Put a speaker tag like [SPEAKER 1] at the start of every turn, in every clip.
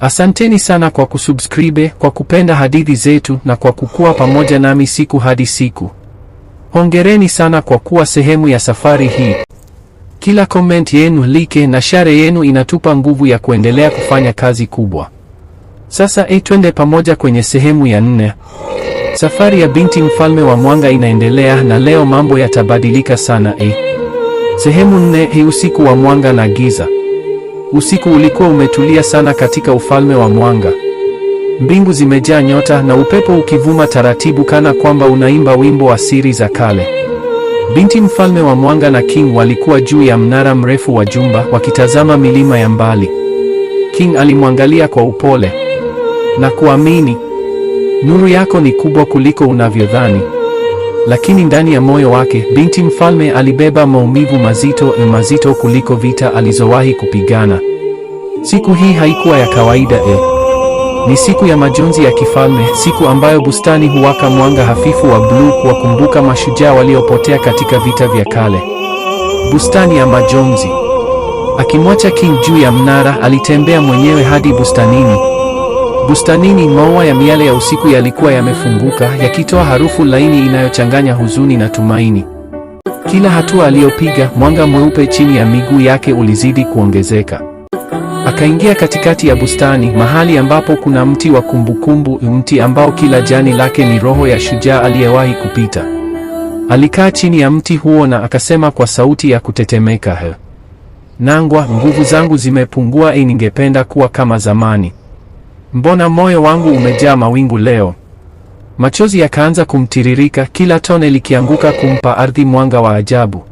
[SPEAKER 1] Asanteni sana kwa kusubscribe, kwa kupenda hadithi zetu na kwa kukua pamoja nami siku hadi siku. Hongereni sana kwa kuwa sehemu ya safari hii. Kila comment yenu, like na share yenu inatupa nguvu ya kuendelea kufanya kazi kubwa. Sasa e, twende pamoja kwenye sehemu ya nne. Safari ya binti mfalme wa mwanga inaendelea na leo mambo yatabadilika sana e. Sehemu nne hii, eh, usiku wa mwanga na giza. Usiku ulikuwa umetulia sana katika ufalme wa mwanga. Mbingu zimejaa nyota na upepo ukivuma taratibu kana kwamba unaimba wimbo wa siri za kale. Binti mfalme wa mwanga na King walikuwa juu ya mnara mrefu wa jumba wakitazama milima ya mbali. King alimwangalia kwa upole na kuamini, nuru yako ni kubwa kuliko unavyodhani lakini ndani ya moyo wake binti mfalme alibeba maumivu mazito na mazito kuliko vita alizowahi kupigana. Siku hii haikuwa ya kawaida e. Ni siku ya majonzi ya kifalme, siku ambayo bustani huwaka mwanga hafifu wa bluu kuwakumbuka mashujaa waliopotea katika vita vya kale. Bustani ya majonzi. Akimwacha King juu ya mnara, alitembea mwenyewe hadi bustanini. Bustanini, maua ya miale ya usiku yalikuwa yamefunguka, yakitoa harufu laini inayochanganya huzuni na tumaini. Kila hatua aliyopiga, mwanga mweupe chini ya miguu yake ulizidi kuongezeka. Akaingia katikati ya bustani, mahali ambapo kuna mti wa kumbukumbu, mti ambao kila jani lake ni roho ya shujaa aliyewahi kupita. Alikaa chini ya mti huo na akasema kwa sauti ya kutetemeka, he, Nangwa, nguvu zangu zimepungua. E, ningependa kuwa kama zamani. Mbona moyo wangu umejaa mawingu leo? Machozi yakaanza kumtiririka, kila tone likianguka kumpa ardhi mwanga wa ajabu.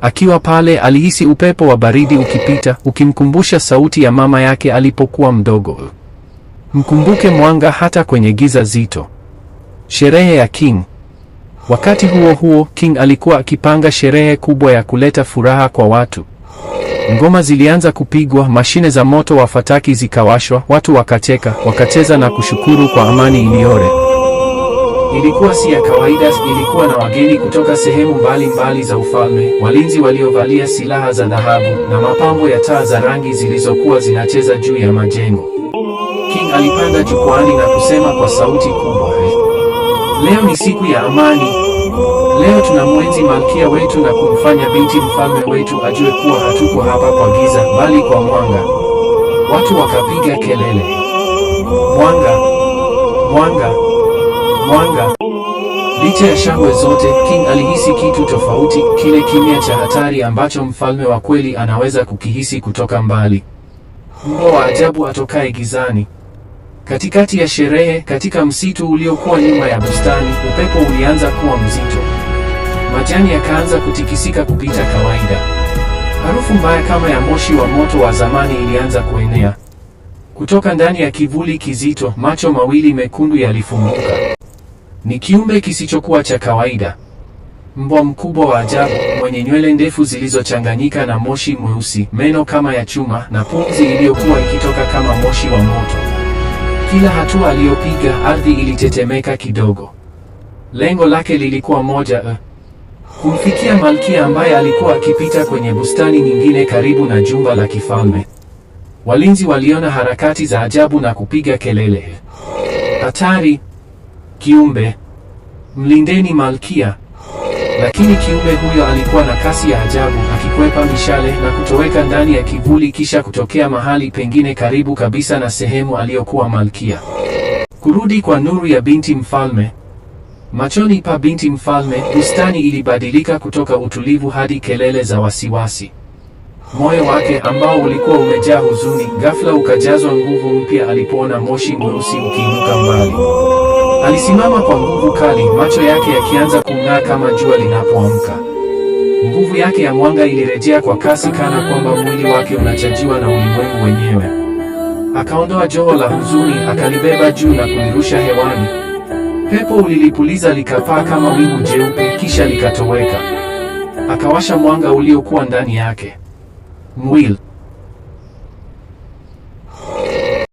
[SPEAKER 1] Akiwa pale alihisi upepo wa baridi ukipita, ukimkumbusha sauti ya mama yake alipokuwa mdogo. Mkumbuke mwanga hata kwenye giza zito. Sherehe ya King. Wakati huo huo, King alikuwa akipanga sherehe kubwa ya kuleta furaha kwa watu. Ngoma zilianza kupigwa, mashine za moto wa fataki zikawashwa, watu wakacheka, wakacheza na kushukuru kwa amani iliyore. Ilikuwa si ya kawaida, ilikuwa na wageni kutoka sehemu mbalimbali za ufalme, walinzi waliovalia silaha za dhahabu na mapambo ya taa za rangi zilizokuwa zinacheza juu ya majengo. King alipanda jukwaani na kusema kwa sauti kubwa, leo ni siku ya amani. Leo tunamwenzi malkia wetu na kumfanya binti mfalme wetu ajue kuwa hatuko hapa kwa giza, bali kwa mwanga. Watu wakapiga kelele, mwanga, mwanga, mwanga! Licha ya shangwe zote, King alihisi kitu tofauti, kile kimya cha hatari ambacho mfalme wa kweli anaweza kukihisi kutoka mbali, mbo wa ajabu atokaye gizani. Katikati ya sherehe, katika msitu uliokuwa nyuma ya bustani, upepo ulianza kuwa mzito majani yakaanza kutikisika kupita kawaida. Harufu mbaya kama ya moshi wa moto wa zamani ilianza kuenea kutoka ndani ya kivuli kizito. Macho mawili mekundu yalifumuka. Ni kiumbe kisichokuwa cha kawaida, mbwa mkubwa wa ajabu mwenye nywele ndefu zilizochanganyika na moshi mweusi, meno kama ya chuma na pumzi iliyokuwa ikitoka kama moshi wa moto. Kila hatua aliyopiga, ardhi ilitetemeka kidogo. Lengo lake lilikuwa moja, eh, humfikia malkia ambaye alikuwa akipita kwenye bustani nyingine karibu na jumba la kifalme. Walinzi waliona harakati za ajabu na kupiga kelele, hatari! Kiumbe, mlindeni malkia! Lakini kiumbe huyo alikuwa na kasi ya ajabu, akikwepa mishale na kutoweka ndani ya kivuli, kisha kutokea mahali pengine karibu kabisa na sehemu aliyokuwa malkia. Kurudi kwa nuru ya binti mfalme Machoni pa binti mfalme, bustani ilibadilika kutoka utulivu hadi kelele za wasiwasi. Moyo wake ambao ulikuwa umejaa huzuni, ghafla ukajazwa nguvu mpya alipoona moshi mweusi ukiinuka mbali. Alisimama kwa nguvu kali, macho yake yakianza kung'aa kama jua linapoamka. Nguvu yake ya mwanga ilirejea kwa kasi, kana kwamba mwili wake unachajiwa na ulimwengu wenyewe. Akaondoa joho la huzuni, akalibeba juu na kulirusha hewani. Pepo ulilipuliza likapaa kama wingu jeupe, kisha likatoweka. Akawasha mwanga uliokuwa ndani yake. Mwili